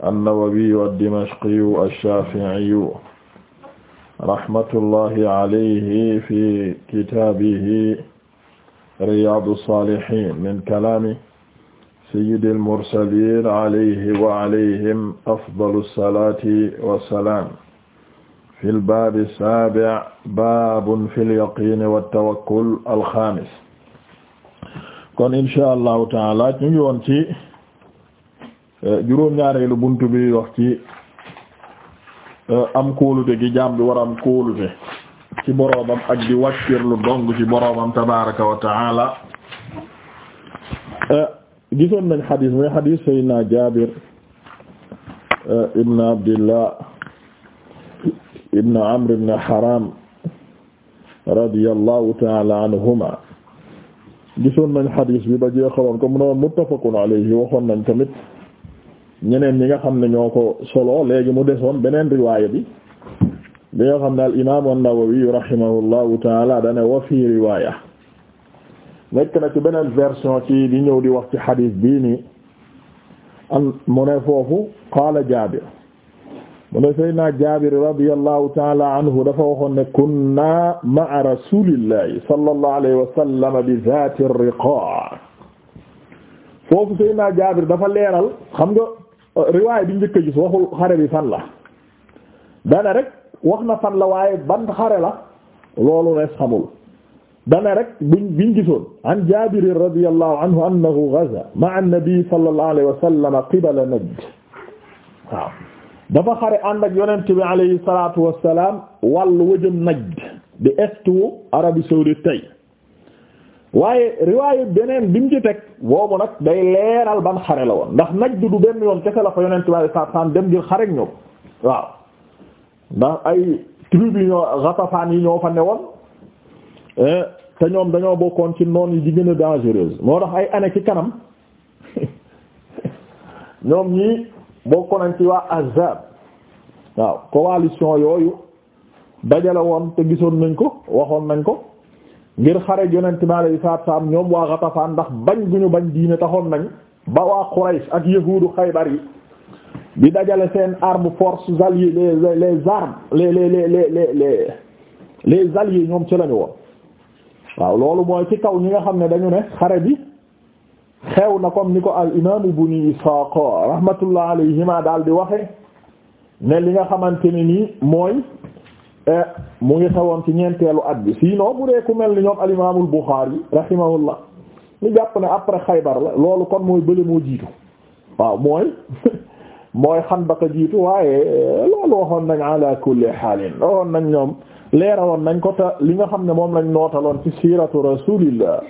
an-Nawawiyu ad-Dimashqiyu ash-Shafi'iyu rahmatullahi alayhi fi kitaabihi Riyaadu s-Saalihiin min kalaami sayyidil mursaliin alayhi wa alayhim afdalu s-salaati wa s-salaam fil baabi s-saabi' baabun fil yaqiini wat-tawakkul al-xaamis kon incha allahu taala ñu ngi woon ci. Eh, juróom-ñaareelu bunt bi wax ci eh, am kóolute gi jaam bi war a am kóolute ci boroomam ak di wàkkirlu dong ci boroomam tabaraka wa taala eh, gisoon nañ xadis muy xadis sayyidina Jaabir ibn Abdillah ibn Amr ibn Haram radiyallahu taala anhuma gisoon nañ xadis bi ba jeexaloon ko mu ne woon muttafaqun waxoon nañ tamit ñeneen ñi nga xam ne ñoo ko solo léegi mu desoon beneen riwaaya bi bi nga xam ne al imaam an-Nawawi rahimahullahu taala dane wa fii riwaaya nekk na ci beneen version ci di ñëw di wax ci xadiis bii nii an mu ne foofu qaala Jaabir mu ne Seydina Jaabir taala anhu dafa waxoon ne kunna ma'a rasulillahi sallallahu alayhi wa sallam bi foofu Seydina dafa leeral xam nga riwaay bi njëkk a xare bi fan la dana rek wax na fan la waaye ban xare la loolu rees xamul dana rek buñ biñ gisoon an Jaabir anhu annahu ghaza ma'a an-nabi sallallahu alayhi dafa xare ànd ak yonent bi alayhi salaatu wa salaam wàllu wëjëm estu Arabie saoudite tey waaye riwaayu beneen bi mu ci teg boobu nag day leeral ban xare la woon ndax nag du du benn yoon kese la fa yonent waaye sa san dem ngir xarek ñoom waaw ndax ay tribu ñoo Ghatafan yi ñoo fa ne newoon eh, te ñoom dañoo bokkoon ci noon yi di gën a dangereuse moo tax ay année ci kanam ñoom ñii bokkoon nañ ci waa Ahzab waaw coalition yooyu dajale woon te gisoon nañ ko waxoon nañ ko ngir xare yonent bi alayhi salaatu wasallam ñoom waa Ghatafaan ndax bañ gu ñu bañ diine taxoon nañ ba waa Quraysh ak yahuudu Xaybar yi bi dajale seen arme forces alliées les les armes les les les les ñoom ci lañu woon waaw loolu mooy ci kaw ñi nga xam ne dañu ne xare bi xew na comme ni ko al imaam ibn Isaaq rahmatullah alayhima daal di waxe ne li nga xamante ne nii mooy Eh, mu ngi xewoon ci ñeenteelu at bi sinon bu dee mel ni ñoom al imaamul Buxaari rahimahullah ñu jàpp ne après Xaybar la loolu kon mooy bële moo jiitu waaw mooy mooy Xandaq a jiitu waaye eh, loolu waxoon nañ ala kulli xaalin waxoon nañ ñoom leerawoon nañ ko te li nga xam ne moom lañ nootaloon ci siiratu rasulillah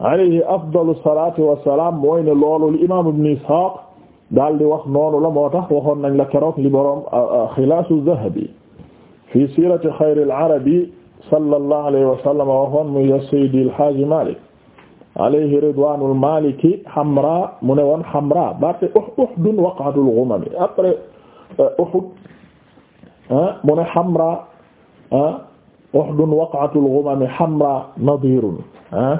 alayhi afdalu salaatu wassalaam mooy ne loolu li imaam ibn Isxaaq daal di wax noonu la moo tax waxoon nañ la keroog li boroom eh, xilaasu zahabi fi siirati xayril arabi sallallahu alayhi wa sallam waxoon mu ya Seydi El Hadji Malick alayhi ridwaanul maliki Hamra mu ne woon Hamra baate uh-, euh, Uhud waqatul ghumam après Uhud mu ne Hamra Uhud waqatul ghumam Hamra nadirun ah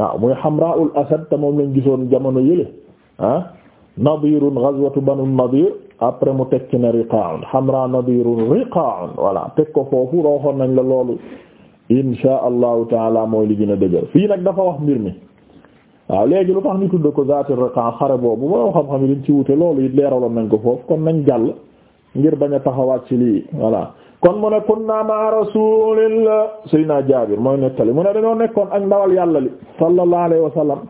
waaw muy Hamra ul Asad te moom lañ gisoon jamono yële ah nadirun ghazwatu banu nadir après mu teg ci na riqa'un hamra nadirun riqa'un ko foofu waxoon nañ la loolu insha allahu taala mooy li gën a dëgër fii nag dafa wax mbir mi waaw léegi lu tax ñu tudd ko zaati riqa' xare boobu boo xam-xam yi dañ ci wute loolu it leeraloon nañ ko foofu kon nañ jàll ngir bañ a taxawaat ci lii voilà kon mu ne kunna ma rasulillah sayna jaabir mooy nettali mu ne dañoo nekkoon ak ndawal yàlla li sallallahu alayhi wa sallam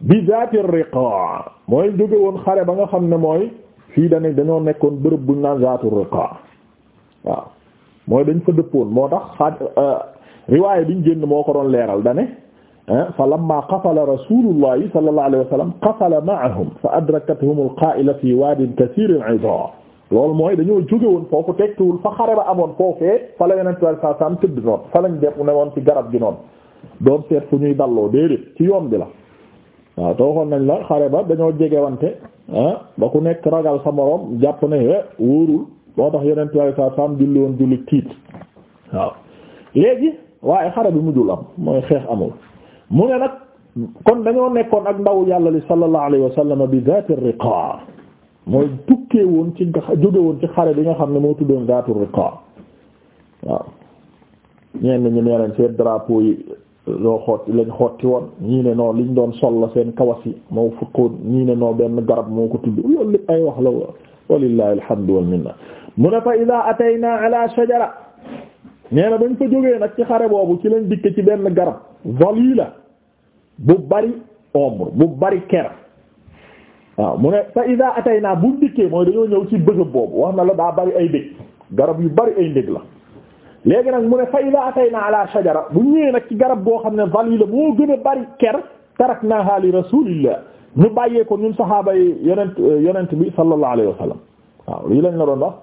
bi zaati riqa' mooy jóge xare ba nga xam ne mooy fii dane dañoo nekkoon bërëb buñ naan zaatu riqa waaw mooy dañ fa dëppoon moo tax xaaj euh, riwaaya biñ génn moo ko doon leeral dane fa lamma qafala rasulullahi sallallahu alayhi wa sallam qafala ma'ahum fa adrakathum al-qaa'ila fi waadin kathiir al-'idaa loolu mooy dañoo joge woon foofu tekkiwul fa xare ba amoon foofee fa la yonent sallallahu alayhi wa sallam fa lañ def ne woon ci garab gi noon doon seet fu ñuy dalloo déedéet ci yoon bi la waaw toogoon nañ la xare ba dañoo jegewante ah, ba ku nekk ragal sa moroom jàpp ne eh, wóorul moo tax yeneen tubaab yi sax sàmm woon julli tiit waaw léegi waaye xare bi mujjul am mooy xeex amul mu ne nag kon dañoo nekkoon ak ndaw yàlla li sallallahu alayhi wa sallam bi zaatir riqaa mooy tukkee woon ci jóge woon ci xare bi nga xam ne moo tuddoon zaatir riqaa waaw ñeen ñi nee nañ seen drapeau yi loo xotti lañ xotti woon ñii ne noo liñ doon sol la seen kawas yi moo fukkoon ñii ne noo benn garab moo ko tudd loolu lépp ay wax la walillahi alhamdu wal minna mu ne fa ida atayna ala shajara nee na bañ fa nag ci xare boobu ci lañ dikk ci benn garab zalila bu bari ombre bari ker waaw mu ne fa ida atayna bu dikkee mooy dañoo ñëw ci bëgg boobu wax na la daa bari ay dég garab yu bari ay ndég la léegi nag mu ne fa iza atayna ala shajara bu ñëwee nag ci garab boo xam ne zalila moo gën a bari ker taraknaha li rasulillah ñu bàyyee ko ñun saxaaba yi yonent bi sallallahu alayhi wa sallam waaw lii lañ la doon wax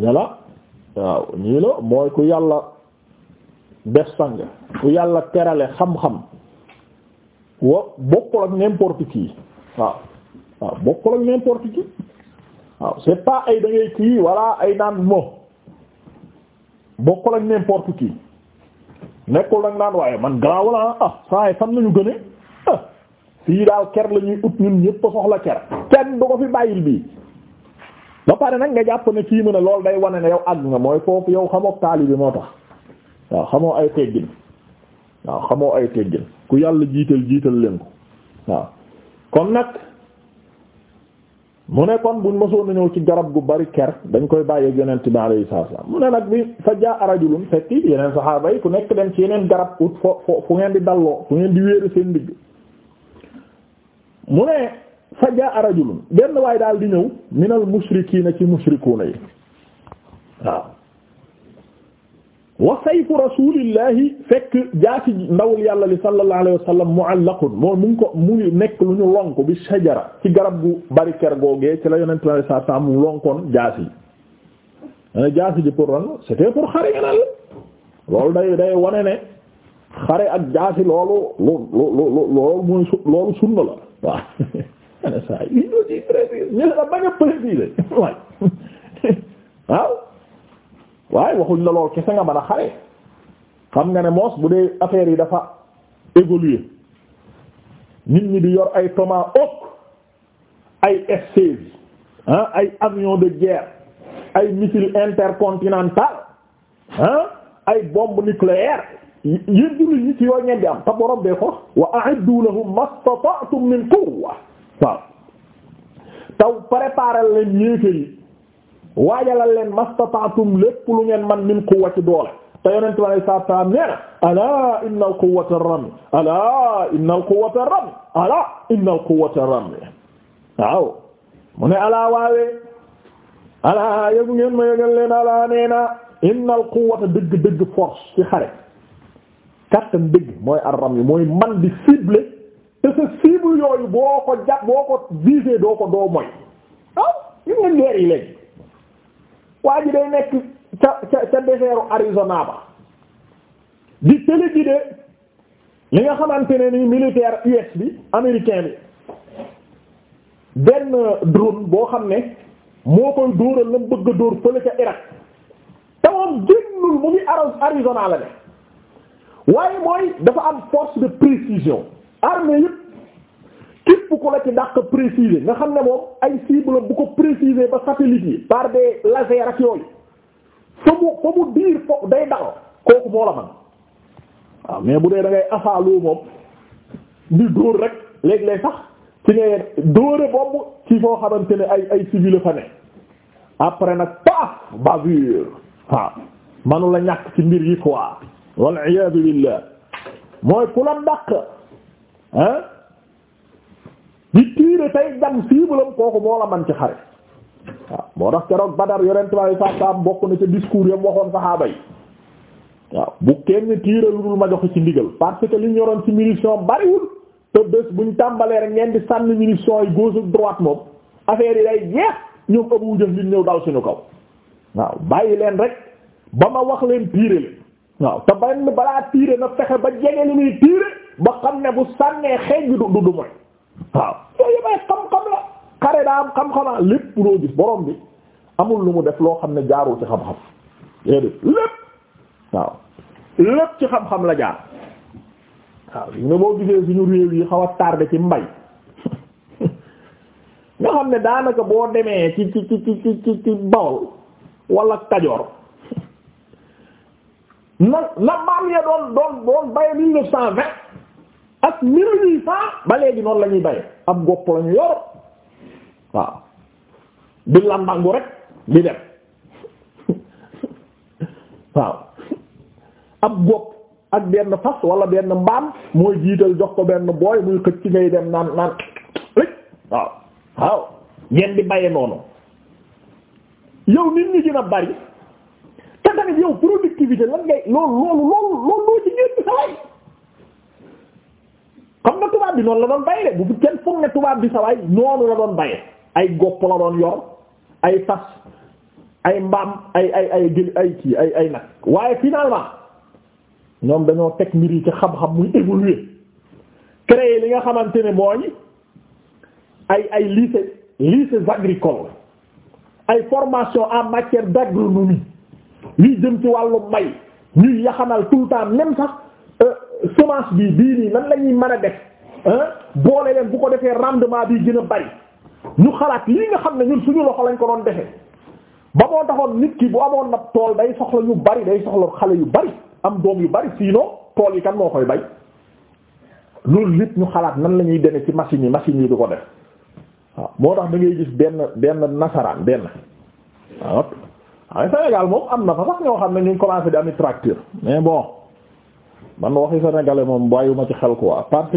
yàlla waaw ñii la mooy ku yàlla def sang ku yàlla terale xam-xam bokkul ak n'importe qui waaw waaw bokkul ak n'importe qui waaw c'est pas ay da kii walla ay naan mo bokkul ak n'importe qui nekkul nag naan waaye man garaawul ah ah saa yi fan la ñu gënee ah fii daal ker la ñuy ut ñun ñëpp soxla ker kenn du ko fi bàyyil bii. ba pare nag nga jàpp ne kii mu ne loolu day wane ne yow àgg nga mooy foofu yow xamoo taali bi moo tax waaw xamoo ay teggin waaw xamoo ay teggin ku yàlla jiital jiital leen ko waaw kon nag. mu ne kon buñ mosoon na ñëw ci garab gu bari ker dañ koy bàyyee ak yonent bi alayhi salaam mu ne nag bi fa jaa arajulun fekk yeneen saxaaba yi ku nekk dem ci yeneen garab ut fo fo fu ngeen di dalloo fu ngeen di wéeru seen digg mu ne fa jaa arajulun benn waay daal di ñëw minal na ci musrikuuna yi waaw wa sayfu rasulillahi fekk jaasi ndawul yàlla li sallallahu alayhi wa sallam mu'allaqun mu ngi ko mu nekk lu ñu lonk bi sajara ci garab gu bari ker googee ci la yonent bi sallallahu alayhi mu lonkoon jaasi eh, jaasi ji pour lan c'était pour xare nga naan loolu day day wane ne xare ak jaasi loolu loolu loolu la waaw waaye waxuñ la lool kese nga mën a xare xam nga ne moos bu dee affaire yi dafa évoluer nit ñi di yor ay Tomahawk ay F-16 ah ay avion de guerre ay missile intercontinental ah ay bombe nucléaire yéen jullit ñi ci yooyu ngeen di am te borom bee ko wa a'iddu lahum mastata'tum min quwwa waaw taw préparer leen ñéefé yi waajalal leen mastataatum lépp lu ngeen man min quwwati doole te yonent bi alayhi salaatu salaam nee na alaa innal quwwata rami alaa innal quwwata rami alaa innal quwwata rami waaw mu ne alaa waawee alaa yëgu ngeen ma yëgal leen alaa nee na innal quwwata dëgg dëgg force ci xare kattan dëgg mooy ar-rami mooy man di cible te sa cible yooyu boo ko jàpp boo ko visé doo ko doo moy waaw yëg ngeen leer yi léegi waa ji day nekk ca ca ca désertu Arizona ba di téléguidé li nga xamante ne ni militaire US bi américain bi benn drone boo xam ne moo koy dóoral la bëgg a dóor fële ca Irak te moom génnul mu ngi Arizona la ne waaye mooy dafa am force de précision armée yëpp képp ku la ci dàq préciser nga xam ne moom ay cible bu ko préciser ba satellite yi par des laser ak yooyu fa mu fa diir fo day dal kooku moo la man waaw mais bu dee da ngay afaaloo moom di dóor rek léeg sax ci ngay dóore boobu ci foo xamante ne ay ay civil fa ne après nag paf bavure waaw manu la ñàkk ci mbir yi quoi wal iyadu billah mooy ku la dàq kii de tey gan siiblam kooku moo la man ci xare waaw moo tax keroog Badar yonent bi saa saa bokk na ca discours yam waxoon saxaaba yi waaw bu kenn tiira lu dul ma jox ci ndigal parce que li ñu yoroon ci munition bariwul te bés buñ tàmbalee rek ngeen di sànni munition yi gauche ak droite moom affaire yi day jeex ñoom Abu Jahl li ñëw dal suñu kaw waaw bàyyi leen rek ba ma wax leen tiire leen waaw te benn balaa tiire na fexe ba jege li muy tiire ba xam ne bu sànnee xeej bi waaw yooyu may xam-xam la xare daa am xam-xamaa lépp loo gis borom bi amul lu mu def loo xam ne jaarul ci xam-xam waaw ci xam la jaar waaw li nga boo gisee suñu réew yi xaw a tardé ci mbay nga xam ne daanaka boo demee ci ci ci ci ci ci Bawol wala Kajoor na na maam ya doon doon doon bay mille neuf vingt ak mille huit cent noonu la bay ab gopp la ñu yor waaw di landangu rek di dem waaw ab gopp ak benn fas wala benn mbaam mooy jiital jox ko benn booy muy xëcc ci ngay dem naan naan lëj waaw waaw ngeen di baye noonu yow nit ñi gën a bari te tamit yow productivité lan ngay loolu loolu loolu loolu loo ci ngeen di sa way xam nga tubaab bi noonu la doon baye de bu kenn foog ne tubaab bi sawaay noonu la doon baye ay gopp la doon yor ay fas ay mbaam ay ay ay ay kii ay ay nag waaye finalement ñoom dañoo teg mbir yi ci xam-xam muy évoluer créer li nga xamante ne mooy ay ay lycée lycées agricoles ay formation en matière d'agronomie liy jëm ci wàllu mbay ñuy yaxanal tout le temps même sax Euh, semence bi bii nii nan la ñuy mën a def boole leen bu ko defee rendement bi gën a bari ñu xalaat lii nga xam ne ñun suñu loxo lañ ko doon defee ba moo taxoon nit ki bu amoon nag tool day soxla ñu bari day soxla xale yu bari am doom yu bari sinon tool yi kan moo koy bay loolu lépp ñu xalaat nan la ñuy demee ci machine yi machine yi du ko def waaw moo tax da ngay gis benn benn nasaraan benn waaw waaye Sénégal moom am na fa sax ñoo xam ne ñu ngi commencé di mais bon. man waxi sénégalais moom bàyyiwuma ci xel quoi parce que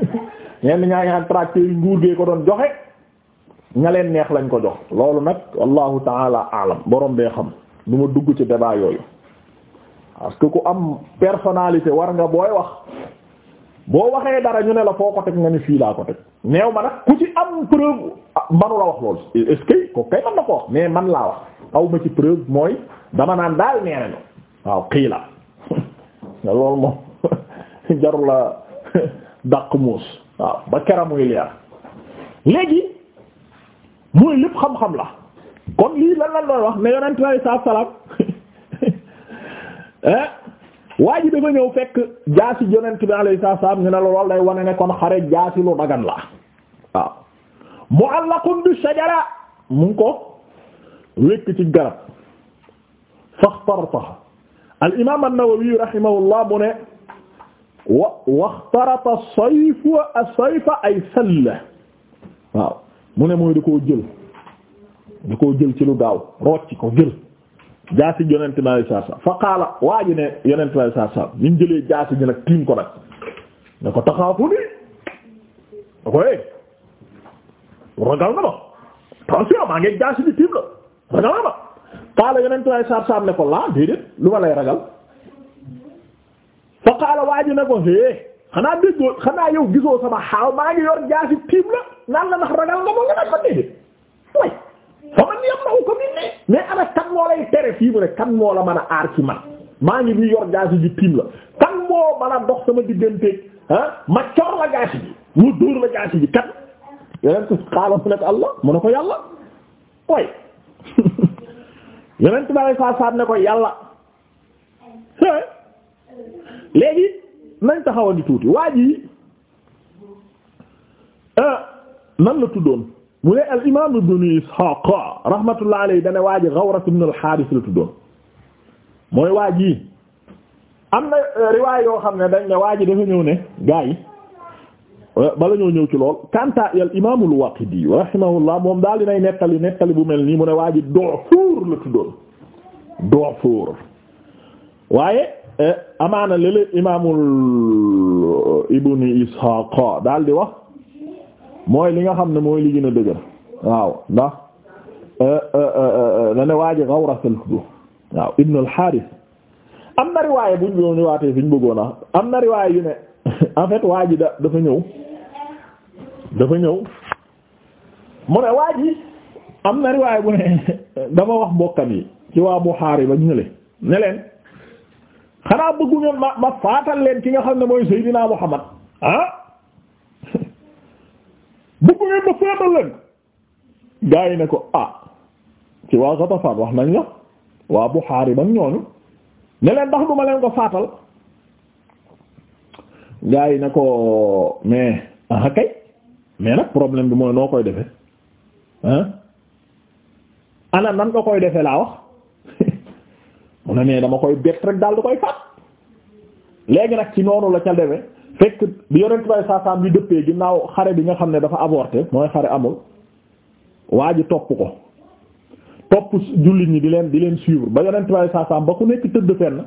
ñenn ñaa ngi naan yi nguur gee ko doon joxe ña leen neex lañ ko jox loolu nag allahu taala alam borom bee xam du ma dugg ci débat yooyu parce que ku am personnalité war nga booy wax boo waxee dara ñu ne la foo ko teg nga ni fii laa ko teg neew ma nag ku ci am preuve ah, manu la wax loolu est ko kay man na ko wax mais man laa wax aw ma ci preuve mooy dama naan daal nee nañu waaw xii la nga loolu moom jarula dàq muus waaw ba keram muy léegi mooy lépp xam-xam la kon lii lan lan doon wax ne yonent lay saaf salaam eh waa ji dafa ñëw fekk jaasi yonent bi alayhi salaam ñu ne la loolu day wane ne kon xare jaasi lu la waaw mu'allaqun bi shajara mu ngi ko wékk ci garab faxtartaha al imaam an-Nawawi rahimahullah mu ne wa waxtarata sayfa ay salla waaw mu ne mooy da koo jël da koo jël ci lu gaaw rocci ko jël jaasi yonente bi alayhi salaam fa qaala waa ne yonente bi alayhi salaam ñu jëlee jaasi ji nag tiim ko nag ne ko taxaafu ni da ko é eh, ragal na ma tension maa ngi jaasi bi tiim la ragal na ma qaala yonent way saab saab ne ko laa déedéet lu ma lay ragal fa qaala waa ji ne ko hee xanaa déggoo xanaa yow gisoo sama xaaw maa ngi yor jaasi tiim la naan la ndax ragal kan moo la mën a aar ci man maa ngi nii yor jaasi ji tiim la kan moo mën a dox sama digganteeg ah, ma coor la jaasi ji mu dóor la jaasi ji kan yonent qaala mu ne ko allah mu ne ko yàlla way yonent bi alei saat ne ko yàlla léegi nañ taxaw di tuuti waa ji ah, nan la tuddoon mu ne al imam ibnu Ishaq rahmatullah alayhi dana waa ji Ghawras ibn al Harith la tuddoon mooy waa ji am na riwaay yoo xam ne dañ ne waa ji dafa ñëw ne gaa yi Eh, bala ñoo ñëw ci lool kanta al imaamul Waaqidi rahimahullah moom daal dinay nettali nettali bu mel nii mu ne waa ji Du'fur la tuddoon Du'fur waaye eh, amaana lele imaamul eh, Ibn Ishaq daal di wax mooy li nga xam ne mooy li gën a dëgër waaw ndax na ne waa ji Ghawras la tuddoon waaw Ibn al am na riwaaya buñ ñu waatee fi ñu bëggoon a am na riwaaya yu ne en fait waa ji da dafa ñëw dafa ñëw mu ne waa ji am na riwaay bu ne dafa wax mbokkam yi ci waa Buxaari ba ñu ne ne leen xanaa bëggu ma ma faatal leen ki nga xam ne mooy Seydina Muhammad ah bëggu ngeen ma faatal leen gaa yi ne ko ah ci waa Gatafaan wax nañ la waa Buxaari ba ñooñu ne leen ndax duma leen ko faatal gaa yi ne ko mais ah kay mais nag problème bi mooy noo koy defe ah ana nan nga koy defe laa wax mu ne mais dama koy bett rek daal du koy faat léegi nag ci noonu la ca defe fekk bi yonent saasaam bi dëppee ginnaaw xare bi nga xam ne dafa avorté mooy xare amul waa ji topp ko topp jullit ñi di leen di leen suivre ba yonent bay saasaam ba ku nekk tëdd fenn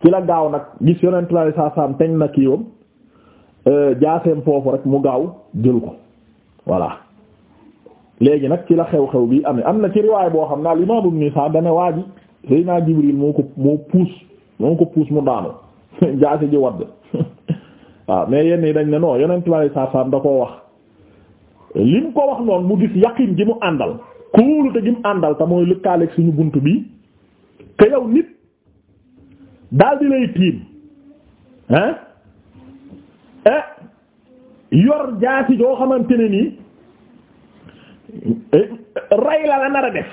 ci la gaaw nag gis yonent bay saasaam teñ na kiiwam Euh, jaaseem foofu rek mu gaaw jël ko voilà léegi nag ci la xew-xew bi amee am na ci riwaay boo xam ne al imam ibn Sa'd dane waa ji Seydina Jibril moo ko moo puus moo ko puus mu daanu jaase ji wadd waaw mais yenn yi dañ ne non yonent bi saa saam da koo wax li ko wax noonu mu gis yaqin gi mu àndal kóolute gi mu àndal te mooy lëkkaaleeg suñu bunt bi que yow nit daal lay tiim hein Eh? yor jaasi joo xamante ne nii eh, rey la la nar def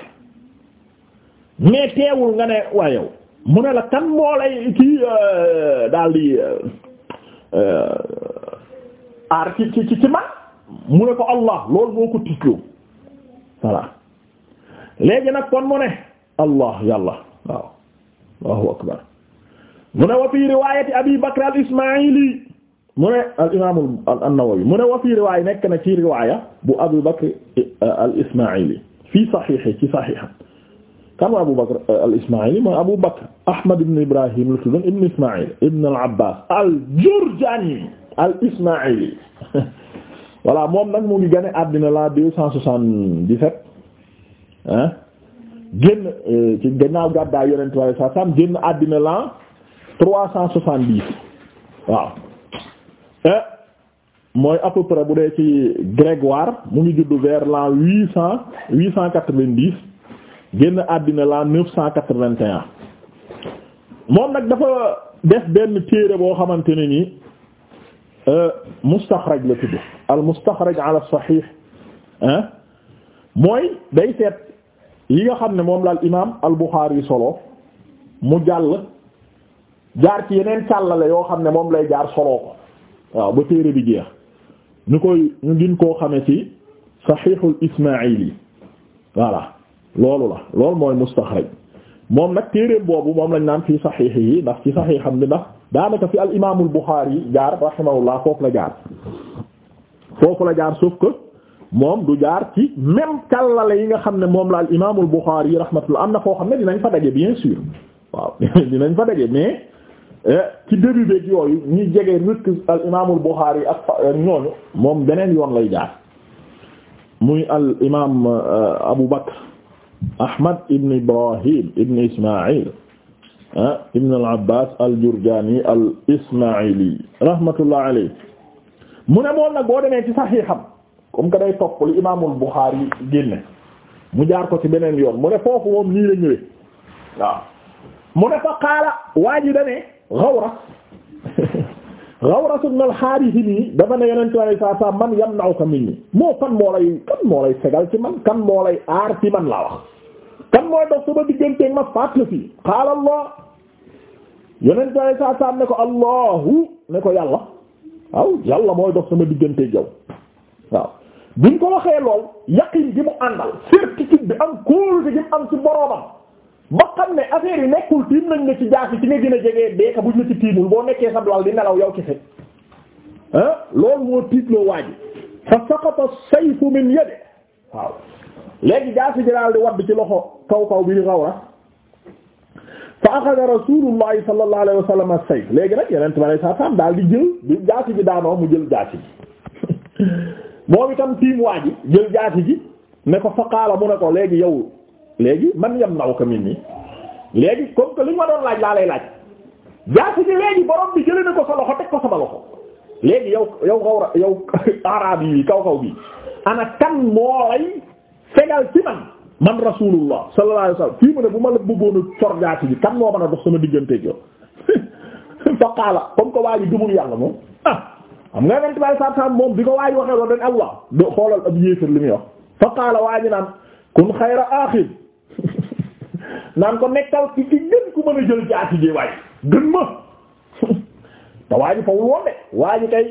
mais teewul nga ne waa yow mu ne la kan moo lay kii euh, daal di euh, euh, aar ci ci ci man mu ne ko Allah loolu moo ko tiitloo voilà léegi nag kon mu ne Allah yàlla waaw Allahu akbar mu ne wa fii riwaayati Abi al-Ismaili mu ne al imaam an-Nawawi mu ne wa fii nekk na ci riwaaya bu Abu Bakr eh, al-Ismaa'ili fii saxiix ci saxiixam kan Abu Bakr eh, al-Ismaa'ili mooy Abu Bakr Ahmad ibn Ibrahim la al-Abbaas al-Jurjani al moom nag mu ngi gane àddina la di cent soixante-dix-sept ah génn eh, ci àddina la trois cent soixante-dix Eh, mooy à peu près bu dee ci Grégoire mu ngi juddu vers l'an huit cent huit cent quatre-vingt-dix génn àddina l'an neuf cent quatre-vingt-un moom nag dafa def benn téere boo xamante ne ni eh, mustaxraj la tudd al mustaxraj ala saxiix ah mooy day seet yi nga xam ne moom la al imaam al Buxaari solo mu jàll jaar ci yeneen càllale yoo xam ne moom lay jaar solo ko. waaw ba téere bi jeex ñu koy ñu gin koo xame ci saxiixul ismaayili voilà loolu la loolu mooy mustaxraj moom nag téere boobu moom lañ naan fii saxiix yi ndax ci saxiixam bi ndax daanaka fi al imaamul Buxaari jaar rahimahullah foofu la jaar foofu la jaar sauf que moom du jaar ci même kàllale yi nga xam ne moom la al imaamul Buxaari rahmatullah am na koo xam ne dinañ fa daje bien sûr waaw dinañ fa daje mais Eh, ci début beeg yooyu ñi jege rëkk al imaamul Buxaari yi ak eh, ñooñu moom beneen yoon lay jaar muy al imaam eh, Abu Bakr Ahmad ibn Ibrahim ibn Ismaïl ah ibn al Abbas al Jurjani al Ismaïli rahmatullah alayhi mu ne moom nag boo demee ci saxiixam comme que day topp li imaamul Buxaari yi génne mu jaar ko ci beneen yoon mu ne foofu moom nii la ñëwee waaw mu ne fa qaala waa ne Ghawras Ghawras ibn al-Harith nii dafa ne yonent saa saa man yamna'uka minni moo kan moo lay kan moo lay fegal ci man kan moo lay aar ci man laa wax kan mooy dox sama digganteeg ma fàttali fi qaala Allah saa saa ne ko Allahu ne ko yàlla waaw yàlla mooy dox sama digganteeg yow waaw. biñ ko waxee lool yaqin gi mu àndal certitude bi am kóolute gi mu am ci boroomam. ba xam ne affaire yi nekkul tiim nañ la ci jaasi ci nga gën a jege beeka buñ la ci tiimul boo nekkee sa dwal di nelaw yow kese ah loolu moo tiitloo waa ji fa saqata sayfu min yade waaw léegi jaasi ji daal di wadd ci loxo kaw kaw bi di rawra fa axada rasulullahi sallallahu alayhi wa sallam as-sayf léegi nag yeneen bi alay saam daal di jël di jaasi ji daanoo mu jël jaasi ji moom itam tiim waa ji jël jaasi ji ne ko fa qaala mu ne ko léegi yow léegi man yam naw ka min nii léegi comme que li ma doon laaj laa lay laaj jaasi ji léegi borom bi jëlee ko sa loxo teg ko sama loxo léegi yow yow xawra yow araab yi kaw kaw bi ana kan moo lay fegal ci man man rasulullah sallallahu alayhi wasallam fii mu ne bu ma la bëggoon a cor jaasi ji kan moo mën a dox sama digganteeg yow fa qaala comme que waa ji dumul yàlla moom ah xam nga yonent bi sallallahu alayhi moom bi ko waa waxee loolu dañ allah do xoolal naan ko nekkal ci ci gën ku mën a jël jaasi ji waaye gën ma te waa ji fawul woon kay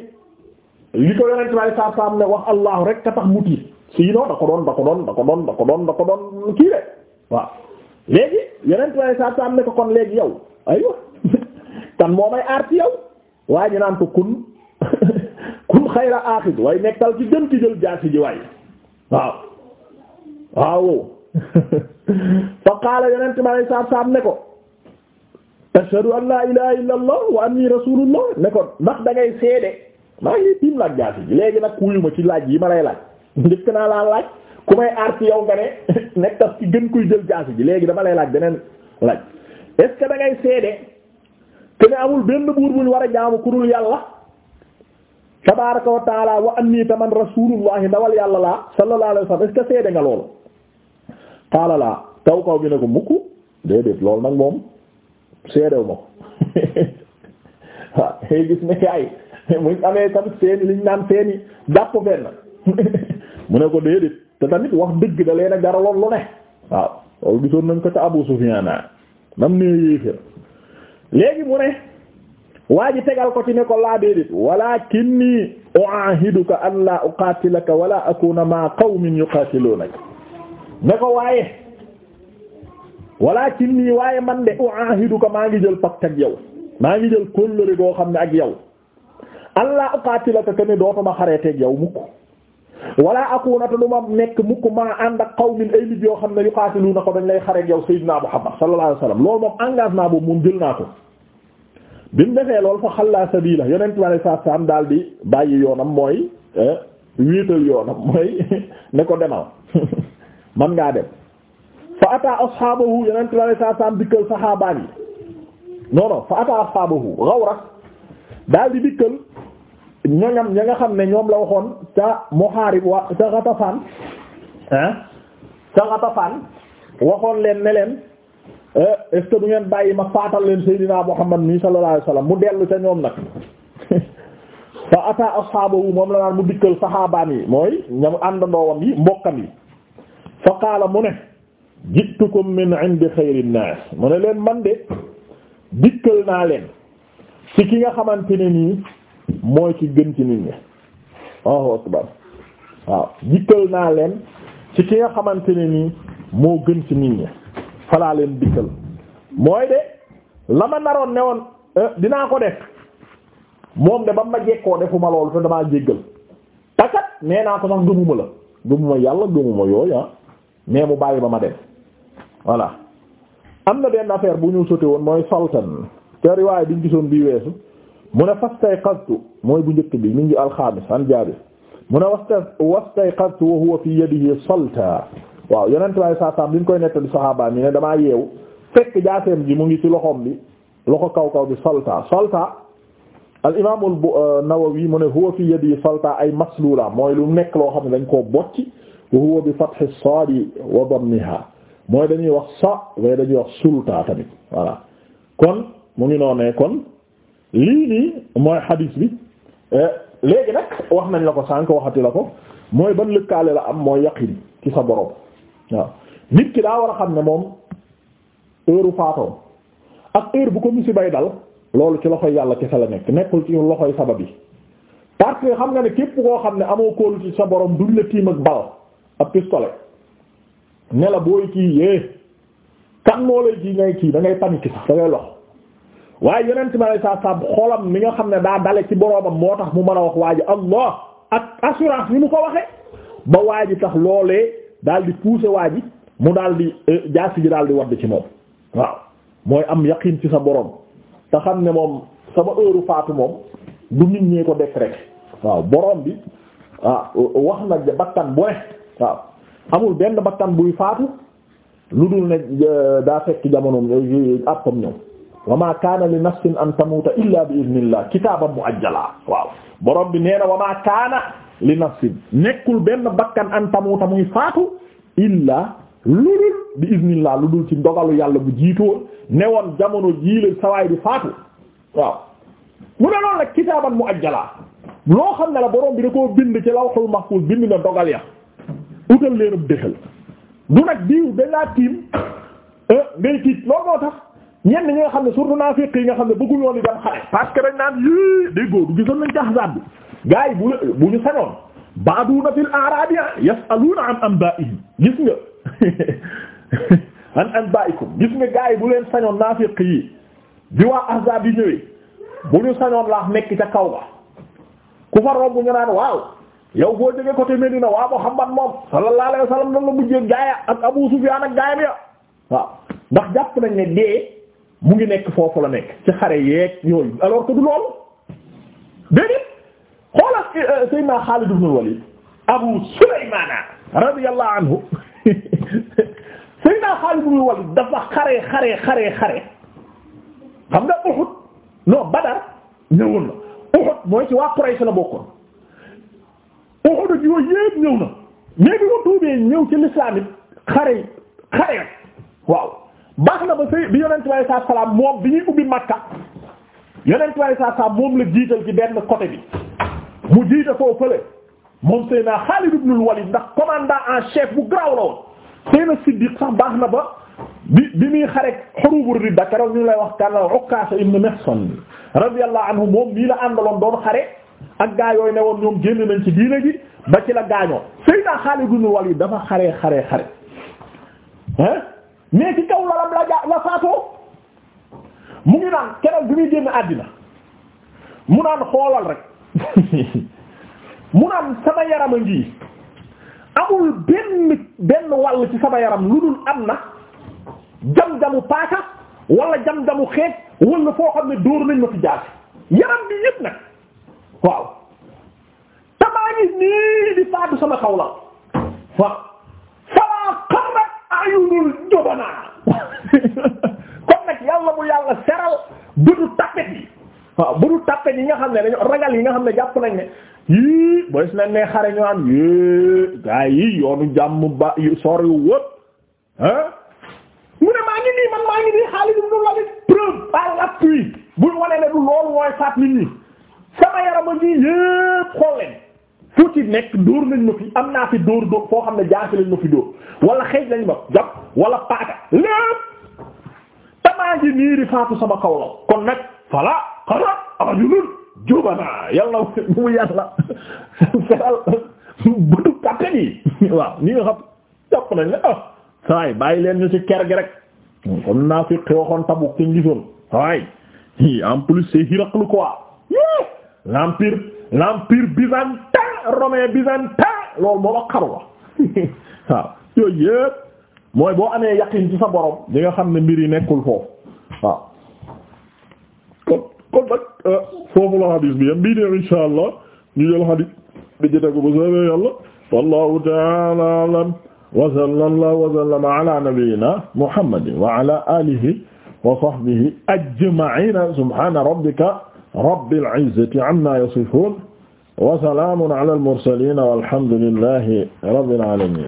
li ko yonent bi saa saam ne wax allahu rek ka tax mu tiit sinon da ko doon da ko doon da ko doon da ko doon kii de waaw léegi yonent bi saa saam ne ko kon léegi yow aywa kan moo may aar ci yow waa naan ko kun kun xayra aaxid waaye nekkal ci gën ci jël jaasi ji waaye waaw waaw fa qaala yonent bi alayhi salaatu ne ko ashhadu an laa ilaaha illallah wa anni rasulullah ne ko ndax da seede maa ngi tiim laaj jaasi ji léegi nag wuyu ci laaj yi ma lay laaj njëkk naa laa laaj ku may aar ci yow nga ne nekk tax ci gën kuy jël jaasi ji léegi dama lay laaj beneen laaj est-ce seede te amul benn buur bu ñu war a jaamu ku dul yàlla tabaaraka wa taala wa anni taman rasulullah ndawal yàlla laa sallallahu wa sallam est-ce xaalalaa kaw kaw bi ne ko mukk déedéet loolu nag moom seedew ma ko waaw ngay gis ne yaay muñ amee tamit seeni liñ naan seeni jàpp fenn mu ne ko déedéet te tamit wax dëgg da leen a jaraloon lu ne waaw gisoon nañ ko ca Abu Sufyaan nam nee yéeféer léegi mu ne waa ji tegal ko ci ne ko laa déedéet walakinni u'ahiduka an la uqatilaka wala akuna ma qawmin yuqatilunaka ne ko waaye walaakin nii waaye man de ko maa ngi jël pacte ak yow maa ngi jël kóllëre goo xam ne ak yow allah uqatilaka ke ne dootuma xareeteeg yow mukk wala akuna te du ma nekk mukk maa ànd ak qawmin ay nit yoo xam ne yuqaatiluuna ko dañ lay xareeg yow sayyidina Muhammad sallallahu alayhi wasallam loolu moom engagement boobu moom jël naa ko bi mu defee loolu fa xallaa sabila yonent bi alayhi salaatu salaam daal di bàyyi yoonam mooy eh, wéetal yoonam mooy ne ko demal man ngaa dem fa ata ashaabahu yonent bi alayhi salaam dikkal saxaabaan yi non non fa ata ashaabahu Gawras daal di dikkal ñoñam ña nga xam ne ñoom la waxoon ca Muhaarib wa ca Ghatafaan ah ca Ghatafaan waxoon leen ne leen eh, est-ce du ngeen bàyyi ma faatal leen Seydina Muhammad mi sallallahu alayhi mu dellu ca ñoom nag fa ata ashaabahu moom la naan mu dikkal saxaabaan yi mooy ñam àndandoo wam yi mbokkam yi. fa mu ne jitukum min indi xayri nnaas mu ne leen man de dikkal naa leen ci ki nga xamante ne nii mooy ci gën ci nit ñi Allahu akbar waaw dikkal naa leen ci ki nga xamante ne nii moo gën ci nit ñi falaa leen dikkal mooy de la ma naroon ne woon eh, dinaa ko def moom de ba ma jekkoo defuma loolu te damaa jéggal takat nee naa ko sax gëmuma la gëmuma yàlla gëmuma yooyu ah mais mu bàyyi ba ma dem voilà am na benn affaire bu ñu sote woon mooy saltan te riwaay bi ñu gisoon bii weesu mu ne fastayqaztu mooy bu njëkk bi mu ngi alxaamis an Jaabir mu ne wastayqaztu wa huwa fi yadihi salta waaw yonent waaye saa saam li ñu koy nettali saxaabaan yi ne damaa yeewu fekk jaaseem ji mu ngi ci loxoom bi loxo kaw kaw bi salta salta al imaamul euh, Nawawi mu ne huwa fi yadihi salta ay maslula mooy lu nekk loo xam ne dañ koo bocci wa huwa bi fathi saadi wa dammiha mooy dañuy wax sa waaye dañuy wax sulta tamit voilà kon mu ngi noonee kon lii nii mooy hadis bi eh, léegi nag wax nañ la ko sànq waxati la ko mooy ban lëkkaale la am mooy yaqin ci sa borom waaw nit ki daa war a xam ne moom heure faatoom ak heure bu ko mu si bay dal loolu ci loxoy yàlla ci kese la nekk nekkul ci loxoy sabab yi parce xam nga ne képp koo xam ne amoo kóolu ci sa borom duñ la tiim ak bal ak pistolet ne la booy kii yee kan moo lay kii ngay kii da ngay panique sax da ngay lox waaye yonent ma lay saa saab xolam mi nga xam ne daa dale ci boroomam moo tax mu mën a wax waa ji allah ak assurance ni mu ko waxee ba waa ji tax loolee daal di pousser waa ji mu daal di eh, jaasi ji daal di wadd ci moom waaw mooy am yaqin ci sa boroom te xam ne moom sama heure faatu moom du nit ñee ko dekk rek waaw boroom bi ah wax na bakkan bu ne waaw amul benn bakkan buy faatu lu dul ne euh, daa fekk jamonoom euh, àppam ñëw wa ma kaana li nafsin an tamuuta illa bi idnillah kitaaban muajjala waaw borom bi na wa ma kaana li nafsin nekkul benn bakkan an tamuuta muy faatu illa lu bi idnillah lu dul ci ndogalu yàlla bu jiitoon ne woon jamono jii la sawaay di faatu waaw mu ne loolu nag kitaaban muajjala loo xam ne la borom bi da koo bind ci lawhul mahfuz na dogal ya utal leen ab dëxal du nag diw da laa tiim ngay euh, tiit loolu moo tax ñenn ñi nga xam ne surtout naafiq yi nga xam ne bëgguñu woon di dem xare parce que naan yii déggoo du gisoon nañ ci ahzaab bi gars yi bu bu ñu sanoon ba'duna fil a'rabi yas'aluna an anba'ihim gis nga an anba'ikum gis nga gars yi bu leen sañoon naafiq yi bi waa ahzaab yi ñëwee bu ñu sañoon laax nekk ca kaw ba ku fa romb ñu naan waaw yow boo jógee côté Medina waa Muhammad moom sallallahu alayhi wasallam doon la mujjee gaaya ak Abu Sufyan ak gaaya bi ya waaw nañ ne mu ngi nekk foofu la nekk ci xare yeeg yooyu alors que du loolu déedéet xoolal eh, eh, Seydina Xaalid ibn Walid Abu Sulaymana radiyallahu anhu Seydina Xaalid ibn Walid dafa xare xare xare xare xam nga Uhud non Badar ñëwoon na Uhud mooy ci waa Quraysh la bokkoon Uhud ak yooyu yépp ñëw na mais bi ma tuubee ñëw ci lislaam xare yi xare rek waaw baax na ba sëy bi yonent bi alayhi salaam moom bi ñuy ubbi Makka yonent bi alayhi salaam moom la jiital ci benn côté bi mu jiite foofu fële moom Seydina Xaalid ibnul Walid ndax commandant en chef bu garaaw la woon Seydina Siddiq sax baax na ba bi bi muy xare Xuruubur Ridda keroog ñu lay wax kan Ukkaasha ibn Mihsan radiyallahu anhu moom nii la àndaloon doon xare ak gaa yooyu ne woon ñoom génn nañ ci diine gi ba ci la gaañoo Seydina Xaalid ibn Walid dafa xaree xaree xare hein mais ci kaw lalam la ja la faatoo mu ngi naan keroog bi muy génn àddina mu naan xoolal rek mu naan sama yaram a ngi amul benn benn wàll ci sama yaram lu dul am na jam-jamu paaka wala jam-jamu xeej wala foo xam ne dóor nañ ma fi jaasi yaram bi yépp nag waaw tamaa ngi nii di faatu sama xaw la waaw falaa xamat ayunul jobanaa kon nag yàlla bu yàlla seral bëtu tapet yi waaw bëtu tapet yi nga ne dañu ragal yi nga xam ne jàpp nañ booy si nañ ne xare ñu am yée gaa yi yoonu jàmm ba sori wëpp hein mu ne maa ngi nii man maa ngi nii Xaalid ibn Walid preuve par l'appui buñ wane ne du loolu mooy faat nit sama yarama ji yépp xool leen fu ci nekk dóor nañ ma fi am naa fi dóor dóor foo xam ne jaasi lañ ma fi dóor wala xeej lañ ma jàpp wala paaka lépp tamaa ji nii di faatu sama kaw la kon nag fala xara rajulun jubana yàlla mu yàlla feral bëtu kàttan waaw ni nga xam jàpp nañ ne ah saay bàyyi leen ñu ci ker gi rek kon naa fi waxoon tabu ki ngisoon saay en plus c'est Hiraqlu quoi l'empire l'empire byzantin romain byzantin loolu moo la xaru la waaw yooyu yëpp mooy boo amee yaqin ci sa borom di nga xam ne mbir yi nekkul foofu waaw kon kon nag euh, foofu la xadis bi yam mbii dee insha allah ñu jël xadis bi jëte ko ba soobee yàlla wallahu ta'ala a'lam wa sallallahu wa sallama ala nabiyyina muhammadin wa ala alihi wa sahbihi ajma'ina subhana rabbika rabbil izzati amma yasifun wa salaamun ala al mursalin walhamdulillahi rabbil alamin